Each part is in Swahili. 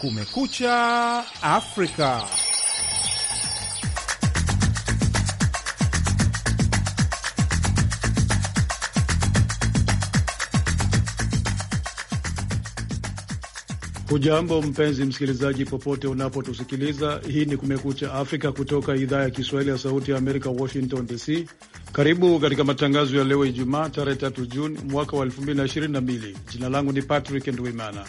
Kumekucha Afrika. Hujambo mpenzi msikilizaji, popote unapotusikiliza. Hii ni Kumekucha Afrika kutoka idhaa ya Kiswahili ya Sauti ya Amerika, Washington DC. Karibu katika matangazo ya leo Ijumaa, tarehe 3 Juni mwaka wa 2022. Jina langu ni Patrick Ndwimana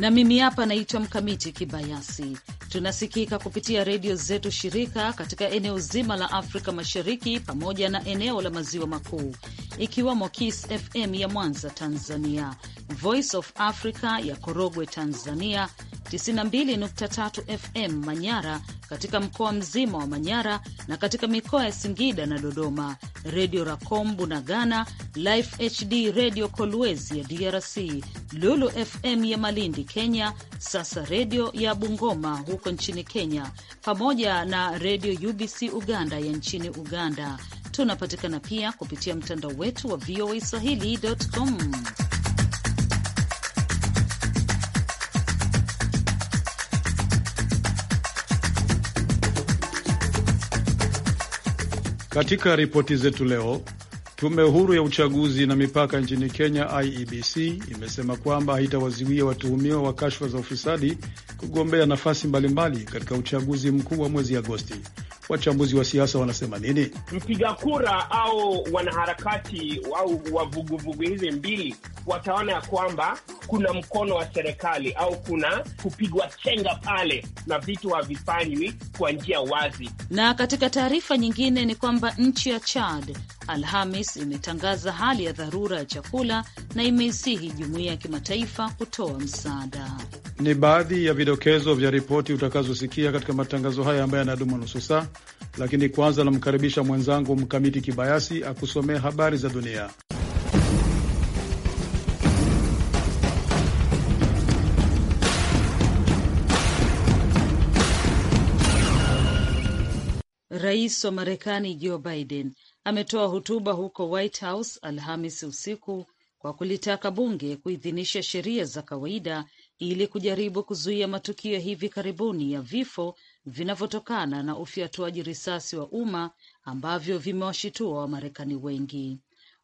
na mimi hapa naitwa Mkamiti Kibayasi. Tunasikika kupitia redio zetu shirika katika eneo zima la Afrika Mashariki pamoja na eneo la Maziwa Makuu, ikiwemo Kiss FM ya Mwanza Tanzania, Voice of Africa ya Korogwe Tanzania, 92.3 FM Manyara katika mkoa mzima wa Manyara na katika mikoa ya Singida na Dodoma, Redio Racom Bunagana, Life HD Redio Kolwezi ya DRC, Lulu FM ya Malindi Kenya, Sasa Redio ya Bungoma huko nchini Kenya, pamoja na Redio UBC Uganda ya nchini Uganda. Tunapatikana pia kupitia mtandao wetu wa VOA Swahili.com. Katika ripoti zetu leo, tume huru ya uchaguzi na mipaka nchini Kenya, IEBC, imesema kwamba haitawazuia watuhumiwa wa kashfa za ufisadi kugombea nafasi mbalimbali katika uchaguzi mkuu wa mwezi Agosti wachambuzi wa siasa wanasema nini? Mpiga kura au wanaharakati au wavuguvugu hizi mbili wataona ya kwamba kuna mkono wa serikali au kuna kupigwa chenga pale na vitu havifanywi kwa njia wazi. Na katika taarifa nyingine ni kwamba nchi ya Chad Alhamis imetangaza hali ya dharura ya chakula na imeisihi jumuiya ya kimataifa kutoa msaada. Ni baadhi ya vidokezo vya ripoti utakazosikia katika matangazo haya ambayo yanadumu nusu saa, lakini kwanza namkaribisha mwenzangu Mkamiti Kibayasi akusomea habari za dunia. Rais wa Marekani Joe Biden ametoa hotuba huko White House Alhamis usiku kwa kulitaka bunge kuidhinisha sheria za kawaida ili kujaribu kuzuia matukio hivi karibuni ya vifo vinavyotokana na ufyatuaji risasi wa umma ambavyo vimewashitua Wamarekani wengi.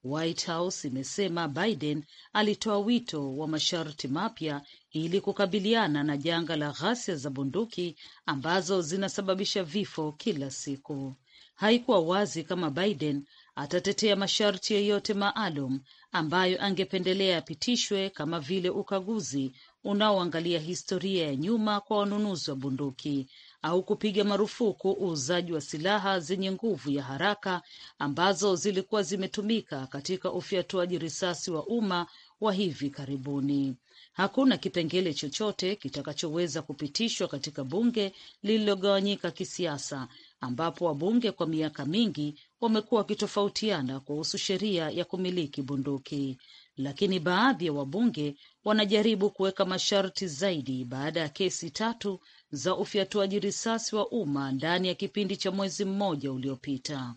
White House imesema Biden alitoa wito wa masharti mapya ili kukabiliana na janga la ghasia za bunduki ambazo zinasababisha vifo kila siku haikuwa wazi kama Biden atatetea masharti yoyote maalum ambayo angependelea yapitishwe kama vile ukaguzi unaoangalia historia ya nyuma kwa wanunuzi wa bunduki au kupiga marufuku uuzaji wa silaha zenye nguvu ya haraka ambazo zilikuwa zimetumika katika ufyatuaji risasi wa umma wa hivi karibuni. Hakuna kipengele chochote kitakachoweza kupitishwa katika bunge lililogawanyika kisiasa ambapo wabunge kwa miaka mingi wamekuwa wakitofautiana kuhusu sheria ya kumiliki bunduki, lakini baadhi ya wabunge wanajaribu kuweka masharti zaidi baada ya kesi tatu za ufyatuaji risasi wa umma ndani ya kipindi cha mwezi mmoja uliopita.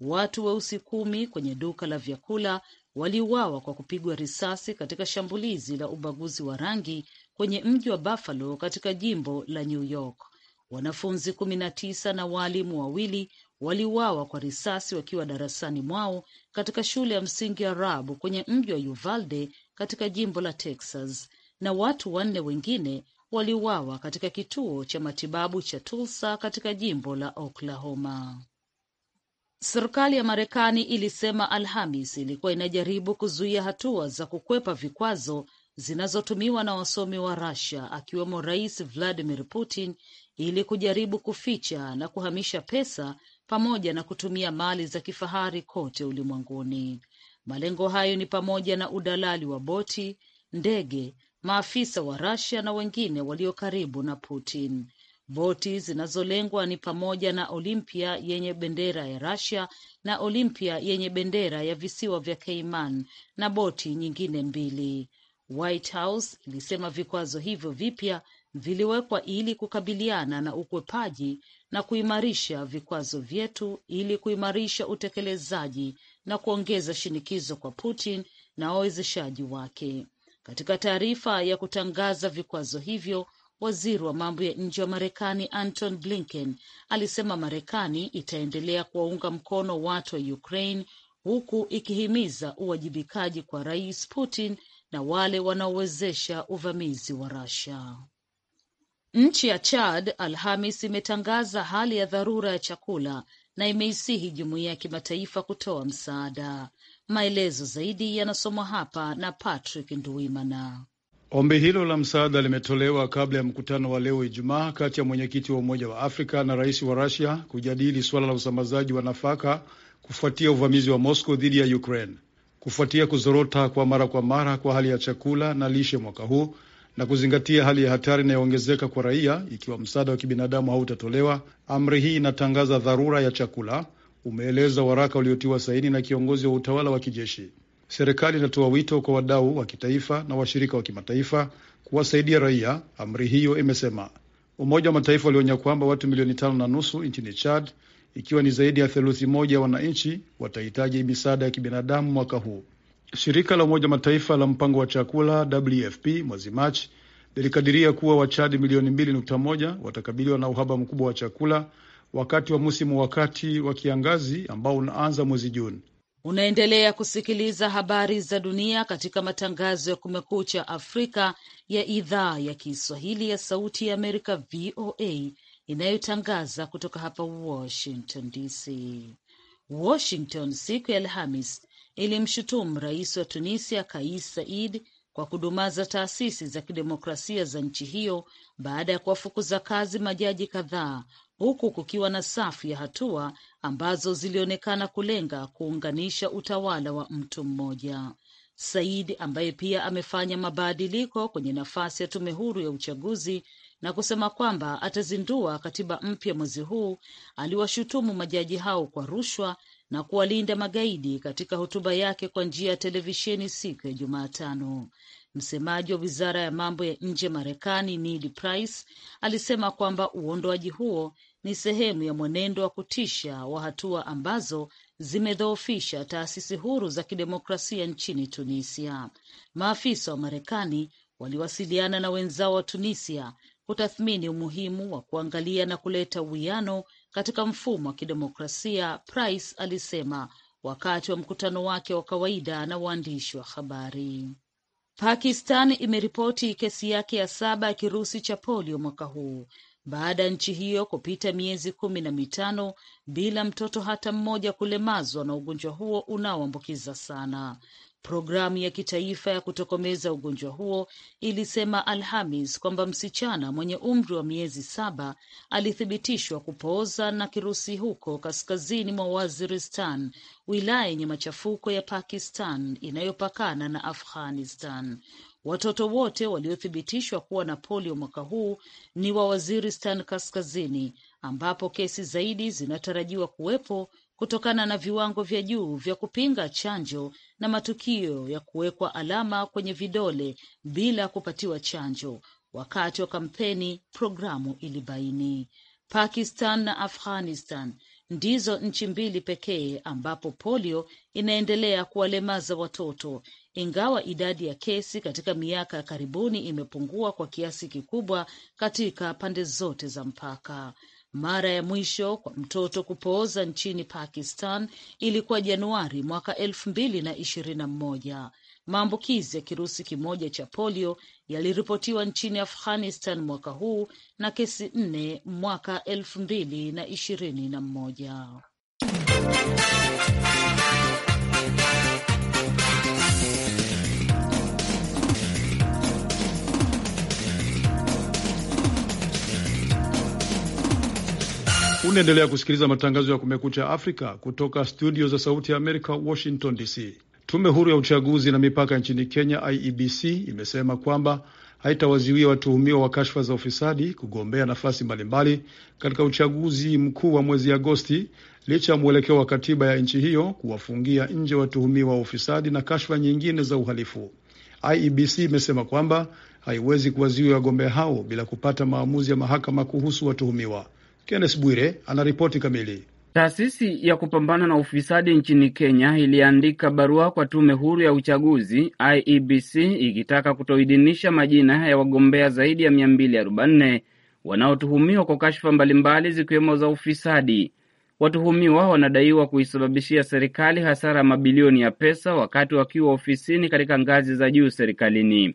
Watu weusi kumi kwenye duka la vyakula waliuawa kwa kupigwa risasi katika shambulizi la ubaguzi wa rangi kwenye mji wa Buffalo katika jimbo la New York. Wanafunzi kumi na tisa na waalimu wawili waliuawa kwa risasi wakiwa darasani mwao katika shule ya msingi ya Rab kwenye mji wa Uvalde katika jimbo la Texas, na watu wanne wengine waliuawa katika kituo cha matibabu cha Tulsa katika jimbo la Oklahoma. Serikali ya Marekani ilisema Alhamis ilikuwa inajaribu kuzuia hatua za kukwepa vikwazo zinazotumiwa na wasomi wa rasia akiwemo Rais Vladimir Putin ili kujaribu kuficha na kuhamisha pesa pamoja na kutumia mali za kifahari kote ulimwenguni. Malengo hayo ni pamoja na udalali wa boti, ndege, maafisa wa Russia na wengine walio karibu na Putin. Boti zinazolengwa ni pamoja na Olimpia yenye bendera ya Russia na Olimpia yenye bendera ya visiwa vya Cayman na boti nyingine mbili. White House ilisema vikwazo hivyo vipya viliwekwa ili kukabiliana na ukwepaji na kuimarisha vikwazo vyetu ili kuimarisha utekelezaji na kuongeza shinikizo kwa Putin na wawezeshaji wake. Katika taarifa ya kutangaza vikwazo hivyo, waziri wa mambo ya nje wa Marekani Anton Blinken alisema Marekani itaendelea kuwaunga mkono watu wa Ukraine huku ikihimiza uwajibikaji kwa Rais Putin na wale wanaowezesha uvamizi wa Russia. Nchi ya Chad Alhamis imetangaza hali ya dharura ya chakula na imeisihi jumuiya ya kimataifa kutoa msaada. Maelezo zaidi yanasomwa hapa na Patrick Nduimana. Ombi hilo la msaada limetolewa kabla ya mkutano wa leo Ijumaa kati ya mwenyekiti wa Umoja wa Afrika na rais wa Rusia kujadili suala la usambazaji wa nafaka kufuatia uvamizi wa Moscow dhidi ya Ukraine. Kufuatia kuzorota kwa mara kwa mara kwa hali ya chakula na lishe mwaka huu, na kuzingatia hali ya hatari inayoongezeka kwa raia ikiwa msaada wa kibinadamu hautatolewa, amri hii inatangaza dharura ya chakula, umeeleza waraka uliotiwa saini na kiongozi wa utawala wa kijeshi. Serikali inatoa wito kwa wadau wa kitaifa na washirika wa kimataifa kuwasaidia raia, amri hiyo imesema. Umoja wa Mataifa ulionya kwamba watu milioni tano na nusu nchini Chad, ikiwa ni zaidi ya theluthi moja ya wananchi, watahitaji misaada ya kibinadamu mwaka huu. Shirika la Umoja Mataifa la mpango wa chakula WFP mwezi Machi lilikadiria kuwa Wachadi milioni 2.1 watakabiliwa na uhaba mkubwa wa chakula wakati wa msimu wakati wa kiangazi ambao unaanza mwezi Juni. Unaendelea kusikiliza habari za dunia katika matangazo ya Kumekucha Afrika ya idhaa ya Kiswahili ya Sauti ya Amerika, VOA, inayotangaza kutoka hapa Washington DC. Washington siku ya Alhamis ilimshutumu rais wa Tunisia Kais Saied kwa kudumaza taasisi za kidemokrasia za nchi hiyo baada ya kuwafukuza kazi majaji kadhaa, huku kukiwa na safu ya hatua ambazo zilionekana kulenga kuunganisha utawala wa mtu mmoja. Said ambaye pia amefanya mabadiliko kwenye nafasi ya tume huru ya uchaguzi na kusema kwamba atazindua katiba mpya mwezi huu, aliwashutumu majaji hao kwa rushwa na kuwalinda magaidi katika hotuba yake kwa njia ya televisheni siku ya Jumatano. Msemaji wa wizara ya mambo ya nje Marekani Ned Price alisema kwamba uondoaji huo ni sehemu ya mwenendo wa kutisha wa hatua ambazo zimedhoofisha taasisi huru za kidemokrasia nchini Tunisia. Maafisa wa Marekani waliwasiliana na wenzao wa Tunisia kutathmini umuhimu wa kuangalia na kuleta uwiano katika mfumo wa kidemokrasia, Price alisema wakati wa mkutano wake wa kawaida na waandishi wa habari. Pakistan imeripoti kesi yake ya saba ya kirusi cha polio mwaka huu baada ya nchi hiyo kupita miezi kumi na mitano bila mtoto hata mmoja kulemazwa na ugonjwa huo unaoambukiza sana. Programu ya kitaifa ya kutokomeza ugonjwa huo ilisema Alhamis kwamba msichana mwenye umri wa miezi saba alithibitishwa kupooza na kirusi huko kaskazini mwa Waziristan, wilaya yenye machafuko ya Pakistan inayopakana na Afghanistan. Watoto wote waliothibitishwa kuwa na polio mwaka huu ni wa Waziristan Kaskazini, ambapo kesi zaidi zinatarajiwa kuwepo kutokana na viwango vya juu vya kupinga chanjo na matukio ya kuwekwa alama kwenye vidole bila kupatiwa chanjo wakati wa kampeni, programu ilibaini. Pakistan na Afghanistan ndizo nchi mbili pekee ambapo polio inaendelea kuwalemaza watoto, ingawa idadi ya kesi katika miaka ya karibuni imepungua kwa kiasi kikubwa katika pande zote za mpaka. Mara ya mwisho kwa mtoto kupooza nchini Pakistan ilikuwa Januari mwaka elfu mbili na ishirini na mmoja. Maambukizi ya kirusi kimoja cha polio yaliripotiwa nchini Afghanistan mwaka huu na kesi nne mwaka elfu mbili na ishirini na mmoja. Unaendelea kusikiliza matangazo ya Kumekucha Afrika kutoka studio za Sauti ya Amerika, Washington DC. Tume huru ya uchaguzi na mipaka nchini Kenya, IEBC, imesema kwamba haitawaziwia watuhumiwa wa kashfa za ufisadi kugombea nafasi mbalimbali katika uchaguzi mkuu wa mwezi Agosti licha ya mwelekeo wa katiba ya nchi hiyo kuwafungia nje watuhumiwa wa ufisadi na kashfa nyingine za uhalifu. IEBC imesema kwamba haiwezi kuwaziwia wagombea hao bila kupata maamuzi ya mahakama kuhusu watuhumiwa. Kennes Bwire anaripoti kamili. Taasisi ya kupambana na ufisadi nchini Kenya iliandika barua kwa tume huru ya uchaguzi IEBC ikitaka kutoidhinisha majina ya wagombea zaidi ya 240 wanaotuhumiwa kwa kashfa mbalimbali zikiwemo za ufisadi. Watuhumiwa wanadaiwa kuisababishia serikali hasara ya mabilioni ya pesa wakati wakiwa ofisini katika ngazi za juu serikalini.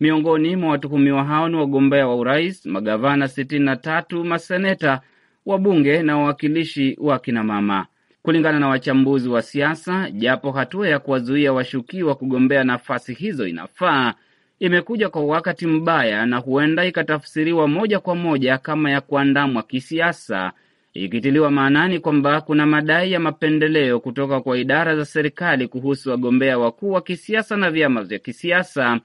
Miongoni mwa watuhumiwa hao ni wagombea wa urais, magavana 63, maseneta, wabunge na wawakilishi wa kinamama. Kulingana na wachambuzi wa siasa, japo hatua ya kuwazuia washukiwa kugombea nafasi hizo inafaa, imekuja kwa wakati mbaya na huenda ikatafsiriwa moja kwa moja kama ya kuandamwa kisiasa, ikitiliwa maanani kwamba kuna madai ya mapendeleo kutoka kwa idara za serikali kuhusu wagombea wakuu wa kisiasa na vyama vya kisiasa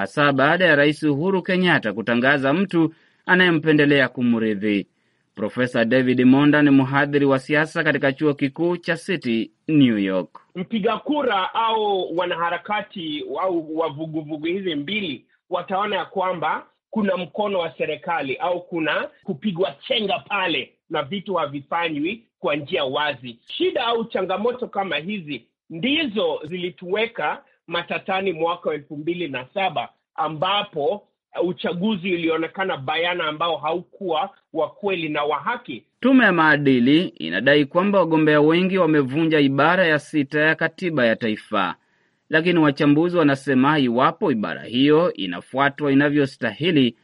hasa baada ya Rais Uhuru Kenyatta kutangaza mtu anayempendelea kumrithi. Profesa David Monda ni mhadhiri wa siasa katika chuo kikuu cha City New York. Mpiga kura au wanaharakati au wavuguvugu hizi mbili wataona ya kwamba kuna mkono wa serikali au kuna kupigwa chenga pale na vitu havifanywi kwa njia wazi. Shida au changamoto kama hizi ndizo zilituweka matatani mwaka wa elfu mbili na saba ambapo uh, uchaguzi ulionekana bayana ambao haukuwa wa kweli na wa haki. Tume ya maadili inadai kwamba wagombea wengi wamevunja ibara ya sita ya katiba ya taifa, lakini wachambuzi wanasema iwapo ibara hiyo inafuatwa inavyostahili,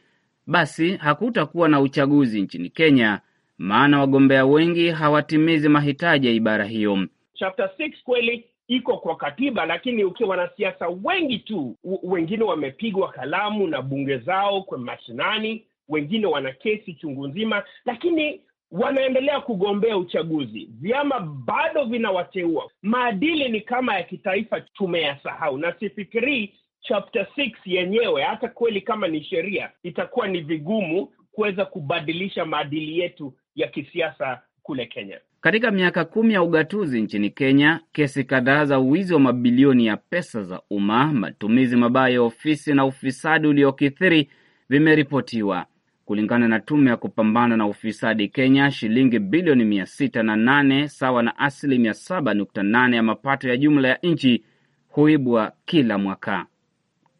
basi hakutakuwa na uchaguzi nchini Kenya, maana wagombea wengi hawatimizi mahitaji ya ibara hiyo. Chapter 6 kweli iko kwa katiba, lakini ukiwa wanasiasa wengi tu, wengine wamepigwa kalamu na bunge zao kwa mashinani, wengine wana kesi chungu nzima, lakini wanaendelea kugombea uchaguzi. Vyama bado vinawateua. Maadili ni kama ya kitaifa tumeyasahau, na sifikirii chapter 6 yenyewe, hata kweli kama ni sheria, itakuwa ni vigumu kuweza kubadilisha maadili yetu ya kisiasa kule Kenya. Katika miaka kumi ya ugatuzi nchini Kenya, kesi kadhaa za uwizi wa mabilioni ya pesa za umma, matumizi mabaya ya ofisi na ufisadi uliokithiri vimeripotiwa. Kulingana na tume ya kupambana na ufisadi Kenya, shilingi bilioni mia sita na nane sawa na asilimia saba nukta nane ya mapato ya jumla ya nchi huibwa kila mwaka.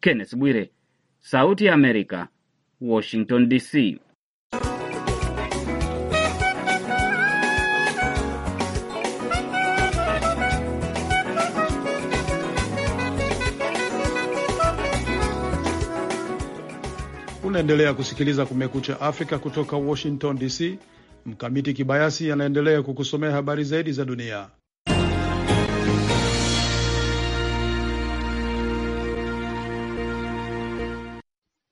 Kenneth Bwire, Sauti ya Amerika, Washington DC. Unaendelea kusikiliza Kumekucha Afrika kutoka Washington DC. Mkamiti Kibayasi anaendelea kukusomea habari zaidi za dunia.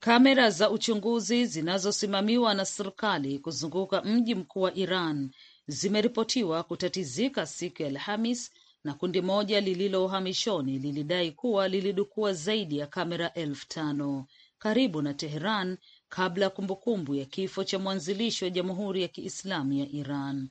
Kamera za uchunguzi zinazosimamiwa na serikali kuzunguka mji mkuu wa Iran zimeripotiwa kutatizika siku ya Alhamis na kundi moja lililo uhamishoni lilidai kuwa lilidukua zaidi ya kamera elfu tano karibu na Teheran kabla ya kumbukumbu ya kifo cha mwanzilishi wa Jamhuri ya Kiislamu ya Iran.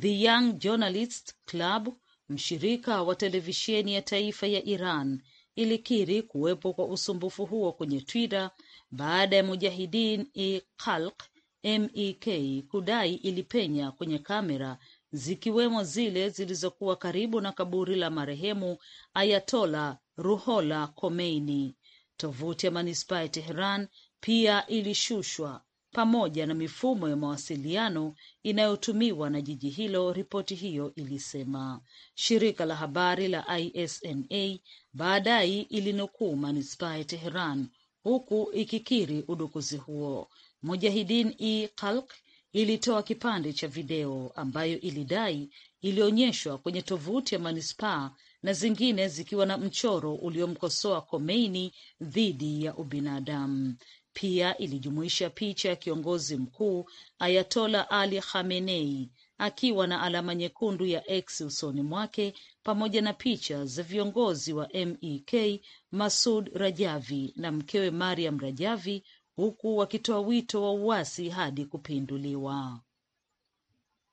The Young journalist Club, mshirika wa televisheni ya taifa ya Iran, ilikiri kuwepo kwa usumbufu huo kwenye Twitter baada ya mujahidin e Khalq MEK kudai ilipenya kwenye kamera zikiwemo zile zilizokuwa karibu na kaburi la marehemu Ayatola Ruhola Khomeini. Tovuti ya manispaa ya Teheran pia ilishushwa pamoja na mifumo ya mawasiliano inayotumiwa na jiji hilo, ripoti hiyo ilisema. Shirika la habari la ISNA baadaye ilinukuu manispaa ya Teheran huku ikikiri udukuzi huo. mujahidin e Khalq ilitoa kipande cha video ambayo ilidai ilionyeshwa kwenye tovuti ya manispaa na zingine zikiwa na mchoro uliomkosoa Khomeini dhidi ya ubinadamu. Pia ilijumuisha picha ya kiongozi mkuu Ayatola Ali Khamenei akiwa na alama nyekundu ya X usoni mwake pamoja na picha za viongozi wa MEK Masud Rajavi na mkewe Mariam Rajavi, huku wakitoa wito wa uasi hadi kupinduliwa.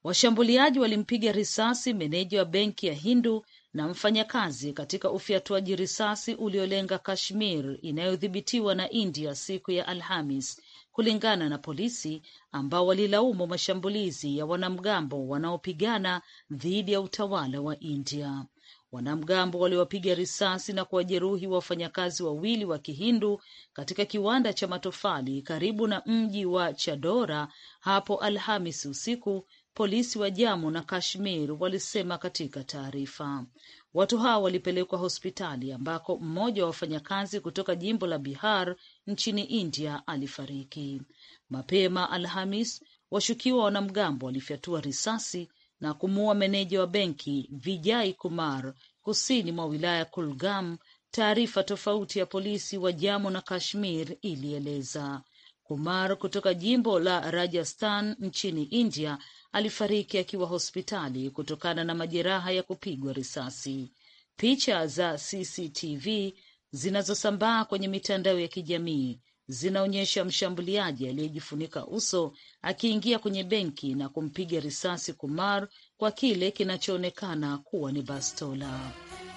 Washambuliaji walimpiga risasi meneja wa benki ya Hindu na mfanyakazi katika ufyatuaji risasi uliolenga Kashmir inayodhibitiwa na India siku ya Alhamis, kulingana na polisi ambao walilaumu mashambulizi ya wanamgambo wanaopigana dhidi ya utawala wa India. Wanamgambo waliwapiga risasi na kuwajeruhi wafanyakazi wawili wa Kihindu katika kiwanda cha matofali karibu na mji wa Chadora hapo Alhamis usiku, polisi wa jamu na Kashmir walisema katika taarifa. Watu hao walipelekwa hospitali ambako mmoja wa wafanyakazi kutoka jimbo la Bihar nchini India alifariki. Mapema Alhamis, washukiwa wanamgambo walifyatua risasi na kumuua meneja wa benki Vijay Kumar kusini mwa wilaya Kulgam. Taarifa tofauti ya polisi wa jamu na Kashmir ilieleza Kumar kutoka jimbo la Rajasthan nchini India alifariki akiwa hospitali kutokana na majeraha ya kupigwa risasi. Picha za CCTV zinazosambaa kwenye mitandao ya kijamii zinaonyesha mshambuliaji aliyejifunika uso akiingia kwenye benki na kumpiga risasi Kumar kwa kile kinachoonekana kuwa ni bastola.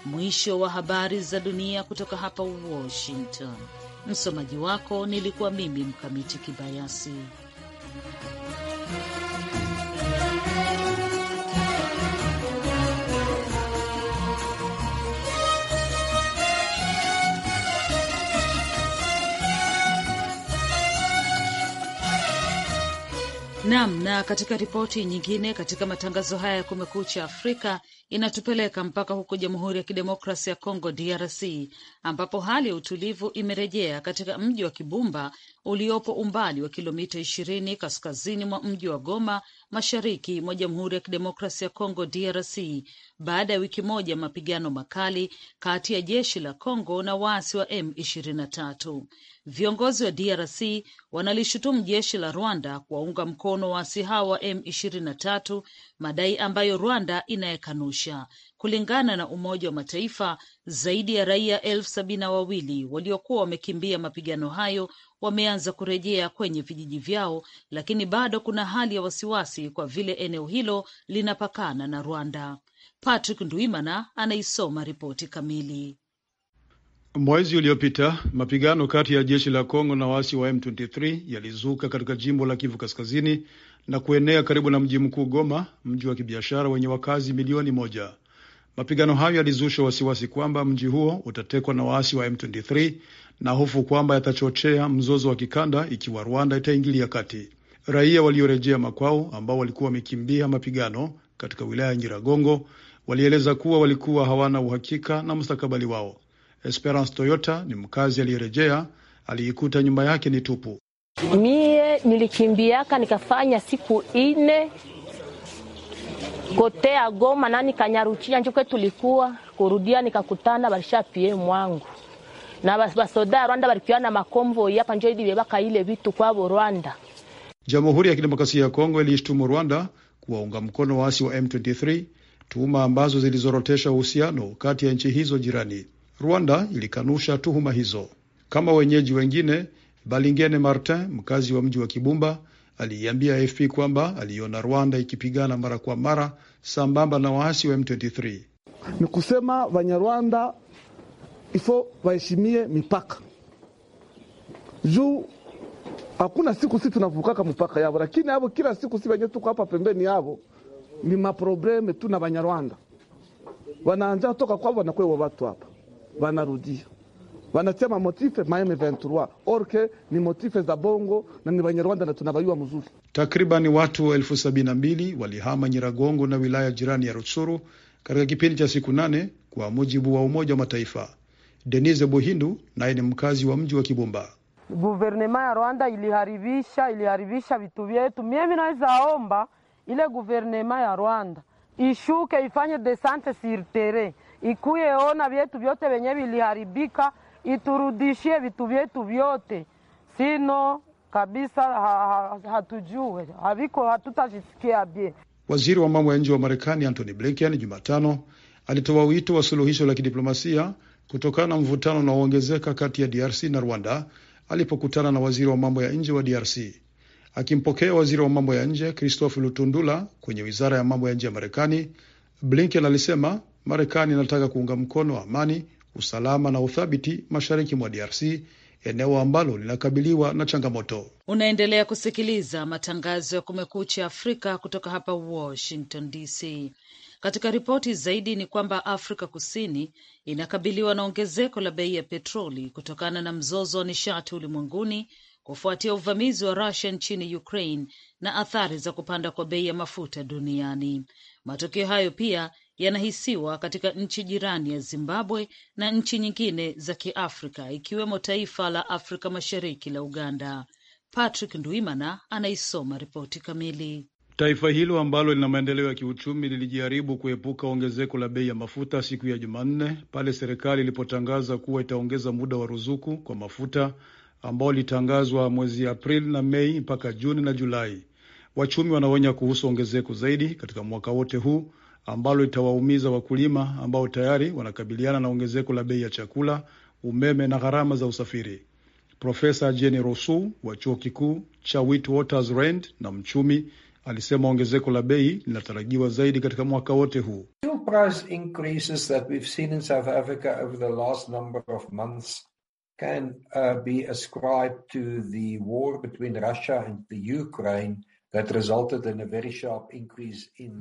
Mwisho wa habari za dunia kutoka hapa Washington. Msomaji wako nilikuwa mimi Mkamiti Kibayasi. Naam, na katika ripoti nyingine katika matangazo haya ya Kumekucha Afrika inatupeleka mpaka huko Jamhuri ya Kidemokrasi ya congo DRC, ambapo hali ya utulivu imerejea katika mji wa Kibumba uliopo umbali wa kilomita ishirini kaskazini mwa mji wa Goma, mashariki mwa Jamhuri ya Kidemokrasi ya congo DRC, baada ya wiki moja mapigano makali kati ya jeshi la congo na waasi wa M ishirini tatu. Viongozi wa DRC wanalishutumu jeshi la Rwanda kuwaunga mkono waasi hao wa M ishirini na tatu, madai ambayo Rwanda inayekanusha maisha. Kulingana na Umoja wa Mataifa, zaidi ya raia elfu sabini na wawili waliokuwa wamekimbia mapigano hayo wameanza kurejea kwenye vijiji vyao, lakini bado kuna hali ya wasiwasi kwa vile eneo hilo linapakana na Rwanda. Patrick Ndwimana anaisoma ripoti kamili. Mwezi uliopita mapigano kati ya jeshi la Kongo na waasi wa M23 yalizuka katika jimbo la Kivu Kaskazini na kuenea karibu na mji mkuu Goma, mji wa kibiashara wenye wakazi milioni moja. Mapigano hayo yalizusha wasiwasi kwamba mji huo utatekwa na waasi wa M23 na hofu kwamba yatachochea mzozo wa kikanda ikiwa Rwanda itaingilia kati. Raia waliorejea makwao ambao walikuwa wamekimbia mapigano katika wilaya ya Nyiragongo walieleza kuwa walikuwa hawana uhakika na mustakabali wao. Esperance Toyota ni mkazi aliyerejea, aliikuta nyumba yake ni tupu. Mie nilikimbiaka nikafanya siku ine kotea Goma na nikanyaruchia njokwe tulikuwa kurudia, nikakutana barisha pie mwangu na basoda ya Rwanda barikiwa na makombo hapa njo ili bebaka ile vitu kwabo Rwanda. Jamhuri ya Kidemokrasia ya Kongo ilishtumu Rwanda kuwaunga mkono waasi wa M23, tuhuma ambazo zilizorotesha uhusiano kati ya nchi hizo jirani. Rwanda ilikanusha tuhuma hizo kama wenyeji wengine Balingene Martin, mkazi wa mji wa Kibumba, aliiambia AFP kwamba aliona Rwanda ikipigana mara kwa mara sambamba na waasi wa M23. Ni kusema Wanyarwanda ifo waheshimie mipaka juu hakuna siku si tunavukaka mipaka yavo, lakini avo kila siku si wenye tuko hapa pembeni yavo ni maprobleme tu na Wanyarwanda wanaanja toka kwavo, wanakwewa watu hapa wanarudia wanasema motife m 23 orke ni motife za bongo na ni Banyarwanda na tunavaiwa mzuri. takriban watu elfu sabini na mbili walihama Nyiragongo na wilaya jirani ya Rutsuru katika kipindi cha siku nane kwa mujibu wa Umoja wa Mataifa. Denise buhindu naye ni mkazi wa mji wa Kibumba. Guvernema ya Rwanda iliharibisha iliharibisha vitu vyetu. Mimi naweza omba ile guvernema ya Rwanda ishuke ifanye desante sur terrain, ikuye ona vyetu vyote venye viliharibika iturudishie vitu vyetu vyote. Sino kabisa ha, ha, hatujue haviko, hatutashisikia bie. Waziri wa mambo ya nje wa Marekani Antony Blinken Jumatano alitoa wito wa suluhisho la kidiplomasia kutokana na mvutano unaoongezeka kati ya DRC na Rwanda alipokutana na waziri wa mambo ya nje wa DRC. Akimpokea waziri wa mambo ya nje Christophe Lutundula kwenye wizara ya mambo ya nje ya Marekani, Blinken alisema Marekani inataka kuunga mkono amani usalama na uthabiti mashariki mwa DRC, eneo ambalo linakabiliwa na changamoto. Unaendelea kusikiliza matangazo ya Kumekucha Afrika kutoka hapa Washington DC. Katika ripoti zaidi ni kwamba Afrika Kusini inakabiliwa na ongezeko la bei ya petroli kutokana na mzozo wa nishati ulimwenguni kufuatia uvamizi wa Rusia nchini Ukraine na athari za kupanda kwa bei ya mafuta duniani. Matokeo hayo pia yanahisiwa katika nchi jirani ya Zimbabwe na nchi nyingine za Kiafrika ikiwemo taifa la Afrika Mashariki la Uganda. Patrick Ndwimana anaisoma ripoti kamili. Taifa hilo ambalo lina maendeleo ya kiuchumi lilijaribu kuepuka ongezeko la bei ya mafuta siku ya Jumanne pale serikali ilipotangaza kuwa itaongeza muda wa ruzuku kwa mafuta ambao litangazwa mwezi Aprili na Mei mpaka Juni na Julai. Wachumi wanaonya kuhusu ongezeko zaidi katika mwaka wote huu ambalo itawaumiza wakulima ambao tayari wanakabiliana na ongezeko la bei ya chakula, umeme na gharama za usafiri. Profesa Jeni Rosu wa chuo kikuu cha Witwatersrand na mchumi alisema ongezeko la bei linatarajiwa zaidi katika mwaka wote huu. Can, uh, be ascribed to the war between Russia and the Ukraine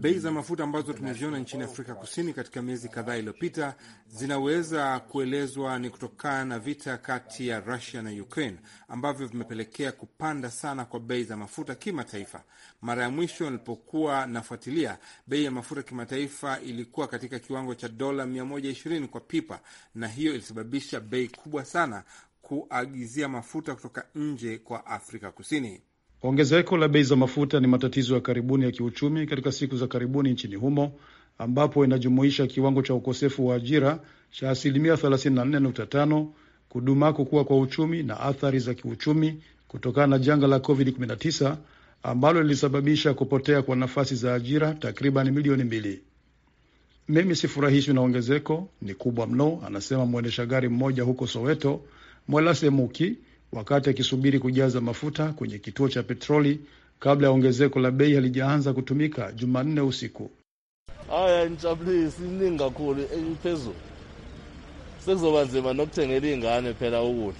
Bei za mafuta ambazo tumeziona nchini Afrika Kusini katika miezi kadhaa iliyopita zinaweza kuelezwa ni kutokana na vita kati ya Russia na Ukraine ambavyo vimepelekea kupanda sana kwa bei za mafuta kimataifa. Mara ya mwisho nilipokuwa nafuatilia, bei ya mafuta kimataifa ilikuwa katika kiwango cha dola 120 kwa pipa, na hiyo ilisababisha bei kubwa sana kuagizia mafuta kutoka nje kwa Afrika Kusini. Ongezeko la bei za mafuta ni matatizo ya karibuni ya kiuchumi katika siku za karibuni nchini humo ambapo inajumuisha kiwango cha ukosefu wa ajira cha asilimia 34.5, kudumaa kukua kwa uchumi na athari za kiuchumi kutokana na janga la COVID-19 ambalo lilisababisha kupotea kwa nafasi za ajira takriban milioni mbili. Mimi sifurahishwi na ongezeko, ni kubwa mno, anasema mwendesha gari mmoja huko Soweto, Mwelase Muki wakati akisubiri kujaza mafuta kwenye kituo cha petroli kabla ya ongezeko la bei halijaanza kutumika Jumanne usiku. kakhulu eh, sekuzoba nzima nokuthengela iy'ngane phela ukudla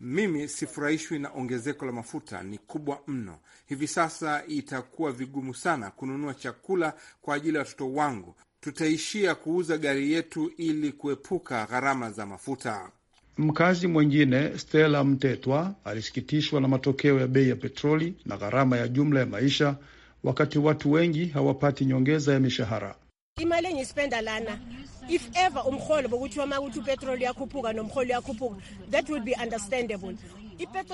mimi sifurahishwi na ongezeko la mafuta, ni kubwa mno. Hivi sasa itakuwa vigumu sana kununua chakula kwa ajili ya watoto wangu tutaishia kuuza gari yetu ili kuepuka gharama za mafuta. Mkazi mwingine Stella Mtetwa alisikitishwa na matokeo ya bei ya petroli na gharama ya jumla ya maisha, wakati watu wengi hawapati nyongeza ya mishahara. imali enye spenda lana if ever umrholo bokuthi uma kuthi upetroli yakhuphuka nomrholo yakhuphuka that will be understandable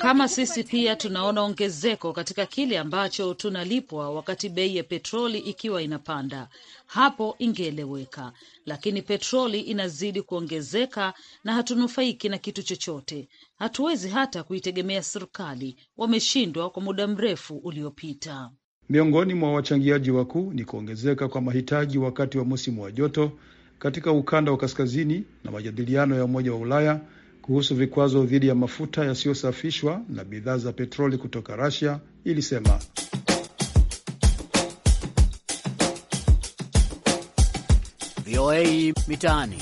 kama sisi pia tunaona ongezeko katika kile ambacho tunalipwa wakati bei ya petroli ikiwa inapanda. Hapo ingeeleweka, lakini petroli inazidi kuongezeka na hatunufaiki na kitu chochote. Hatuwezi hata kuitegemea serikali, wameshindwa kwa muda mrefu uliopita. Miongoni mwa wachangiaji wakuu ni kuongezeka kwa mahitaji wakati wa msimu wa joto katika ukanda wa kaskazini na majadiliano ya Umoja wa Ulaya kuhusu vikwazo dhidi ya mafuta yasiyosafishwa na bidhaa za petroli kutoka Russia ilisema VOA Mitaani.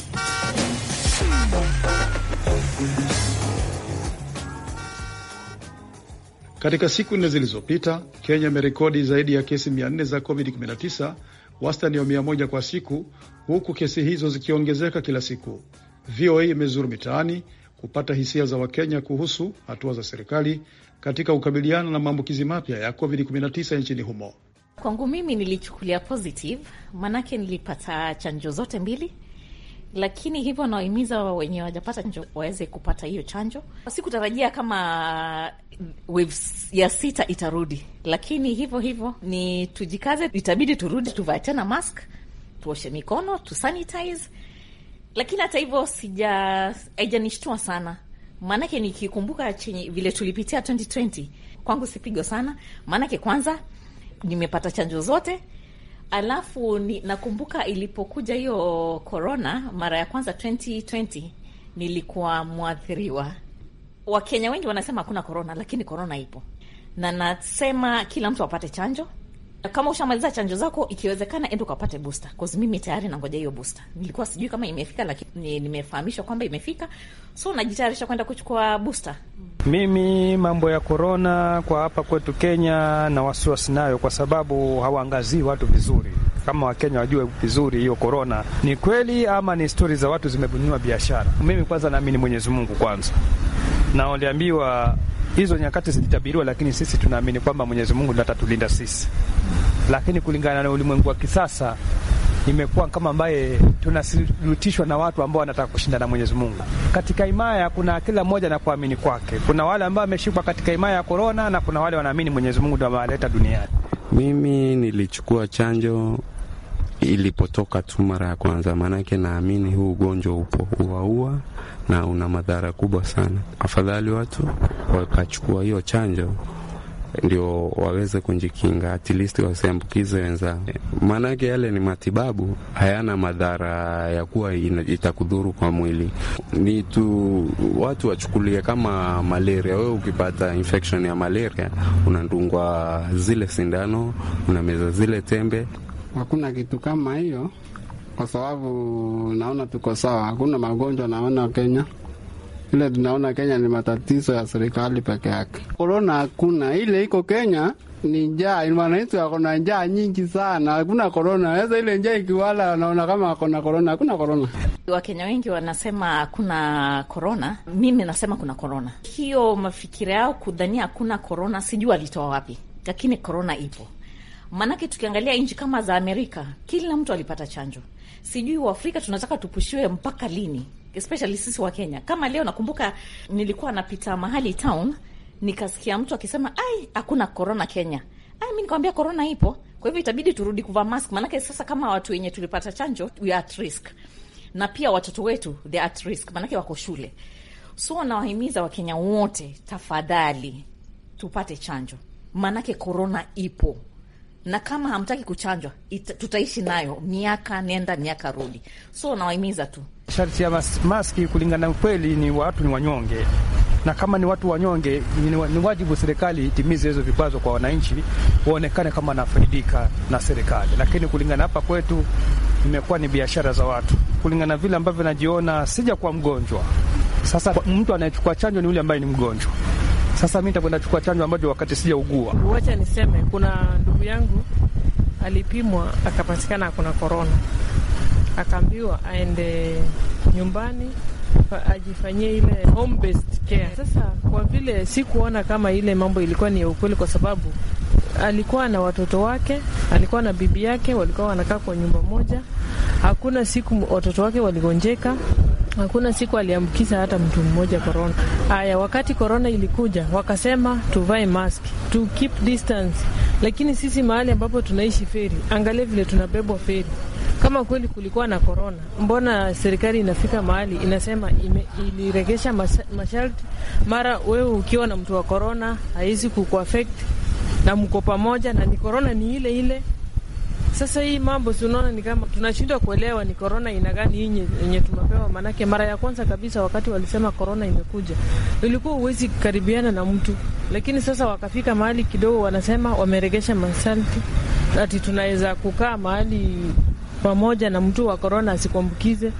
Katika siku nne zilizopita, Kenya imerekodi zaidi ya kesi 400 za COVID-19, wastani wa 100 kwa siku, huku kesi hizo zikiongezeka kila siku. VOA imezuru mitaani kupata hisia za Wakenya kuhusu hatua za serikali katika kukabiliana na maambukizi mapya ya COVID-19 nchini humo. Kwangu mimi nilichukulia positive, manake nilipata chanjo zote mbili, lakini hivyo nawahimiza wenye wajapata chanjo waweze kupata hiyo chanjo. Sikutarajia kama wave ya sita itarudi, lakini hivyo hivyo ni tujikaze, itabidi turudi, tuvae tena mask, tuoshe mikono, tusanitize lakini hata hivyo sija haijanishtua sana, maanake nikikumbuka chenye vile tulipitia 2020 kwangu sipigo sana, maanake kwanza nimepata chanjo zote, alafu ni, nakumbuka ilipokuja hiyo corona mara ya kwanza 2020 nilikuwa mwathiriwa. Wakenya wengi wanasema hakuna corona, lakini corona ipo, na nasema kila mtu apate chanjo kama ushamaliza chanjo zako, ikiwezekana enda ukapate booster, cause mimi tayari nangoja hiyo booster. Nilikuwa sijui kama imefika, lakini nimefahamishwa kwamba imefika, so najitayarisha kwenda kuchukua booster. Mimi mambo ya korona kwa hapa kwetu Kenya na wasiwasi nayo, kwa sababu hawaangazii watu vizuri kama Wakenya wajue vizuri hiyo korona ni kweli ama ni stori za watu zimebuniwa biashara. Mimi kwanza naamini Mwenyezi Mungu kwanza na waliambiwa hizo nyakati zilitabiriwa, lakini sisi tunaamini kwamba Mwenyezi Mungu ndiye atatulinda sisi. Lakini kulingana na ulimwengu wa kisasa imekuwa kama ambaye tunasirutishwa na watu ambao wanataka kushinda na Mwenyezi Mungu. Katika imaya kuna kila mmoja na kuamini kwake. Kuna wale ambao wameshikwa katika imaya ya korona na kuna wale wanaamini Mwenyezi Mungu ndiye duniani. Mimi nilichukua chanjo ilipotoka tu mara ya kwanza, maanake naamini huu ugonjwa upo uaua na una madhara kubwa sana. Afadhali watu wakachukua hiyo chanjo ndio waweze kujikinga, at least wasiambukize wenzao. Maanake yale ni matibabu, hayana madhara ya kuwa itakudhuru kwa mwili. Ni tu watu wachukulie kama malaria. Wewe ukipata infection ya malaria, unadungwa zile sindano, unameza zile tembe, Hakuna kitu kama hiyo, kwa sababu naona tuko sawa, hakuna magonjwa naona Kenya. Ile tunaona Kenya ni matatizo ya serikali peke yake. Korona hakuna, ile iko Kenya ni njaa. Wananchi wako na njaa nyingi sana, hakuna korona. Sasa ile njaa ikiwala, naona kama wako na korona. Hakuna korona. Wakenya wengi wanasema hakuna korona, mimi nasema kuna korona. Hiyo mafikira yao kudhania hakuna korona, sijui walitoa wapi, lakini korona ipo. Maanake tukiangalia nchi kama za Amerika, kila mtu alipata chanjo. Sijui Waafrika tunataka tupushiwe mpaka lini? Especially sisi wa Kenya. Kama leo nakumbuka nilikuwa napita mahali town, nikasikia mtu akisema ai, hakuna korona Kenya. Ai, mi nikamwambia korona ipo, kwa hivyo itabidi turudi kuvaa mask, maanake sasa kama watu wenye tulipata chanjo we are at risk, na pia watoto wetu they are at risk, maanake wako shule. So nawahimiza Wakenya wote, tafadhali tupate chanjo, maanake korona ipo na kama hamtaki kuchanjwa ita, tutaishi nayo miaka nenda miaka rudi, so nawahimiza tu sharti ya maski kulingana. kweli ni watu ni wanyonge, na kama ni watu wanyonge, ni wajibu serikali itimize hizo vikwazo kwa wananchi, waonekane kama wanafaidika na serikali. Lakini kulingana hapa kwetu imekuwa ni biashara za watu. Kulingana vile ambavyo najiona, sija kuwa mgonjwa sasa. Mtu anayechukua chanjo ni yule ambaye ni mgonjwa sasa mi nitakwenda kuchukua chanjo ambacho wakati sijaugua. Wacha niseme, kuna ndugu yangu alipimwa akapatikana akuna korona, akaambiwa aende nyumbani ajifanyie ile home based care. Sasa kwa vile sikuona kama ile mambo ilikuwa ni ya ukweli, kwa sababu alikuwa na watoto wake, alikuwa na bibi yake, walikuwa wanakaa kwa nyumba moja. Hakuna siku watoto wake waligonjeka, Hakuna siku aliambukiza hata mtu mmoja korona. Haya, wakati korona ilikuja wakasema tuvae mask, to keep distance, lakini sisi mahali ambapo tunaishi feri, angalia vile tunabebwa feri. Kama kweli kulikuwa na korona, mbona serikali inafika mahali inasema ime, iliregesha masharti, mara wewe ukiwa na mtu wa korona haizi kukuafekti na mko pamoja na ni korona ni ile ile sasa hii mambo tunaona ni kama tunashindwa kuelewa ni korona ina gani hii yenye tumepewa. Maanake mara ya kwanza kabisa wakati walisema korona imekuja, ilikuwa huwezi kukaribiana na mtu, lakini sasa wakafika mahali kidogo, wanasema wameregesha masharti ati tunaweza kukaa mahali pamoja na mtu wa korona asikuambukize.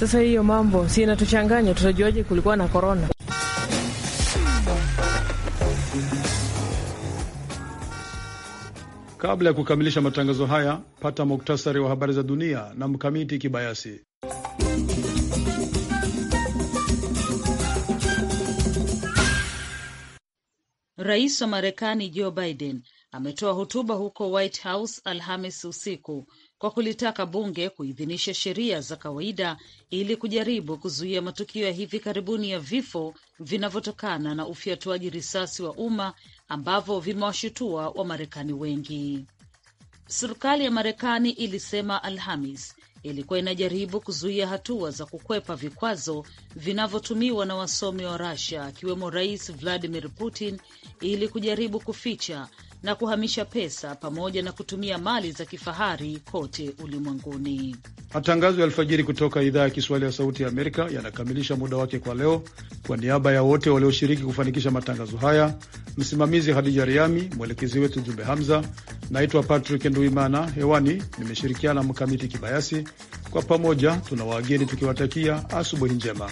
Sasa hiyo mambo si inatuchanganya, tutajuaje kulikuwa na korona? Kabla ya kukamilisha matangazo haya, pata muktasari wa habari za dunia na Mkamiti Kibayasi. Rais wa Marekani Joe Biden ametoa hotuba huko White House Alhamis usiku kwa kulitaka bunge kuidhinisha sheria za kawaida ili kujaribu kuzuia matukio ya hivi karibuni ya vifo vinavyotokana na ufyatuaji risasi wa umma ambavyo vimewashutua Wamarekani wengi. Serikali ya Marekani ilisema Alhamis ilikuwa inajaribu kuzuia hatua za kukwepa vikwazo vinavyotumiwa na wasomi wa rasia akiwemo Rais Vladimir Putin ili kujaribu kuficha na kuhamisha pesa pamoja na kutumia mali za kifahari kote ulimwenguni. Matangazo ya alfajiri kutoka idhaa ya Kiswahili ya Sauti ya Amerika yanakamilisha muda wake kwa leo. Kwa niaba ya wote walioshiriki kufanikisha matangazo haya, msimamizi Hadija Riami, mwelekezi wetu Jumbe Hamza, naitwa Patrick Nduimana. Hewani nimeshirikiana Mkamiti Kibayasi. Kwa pamoja tuna wageni tukiwatakia asubuhi njema.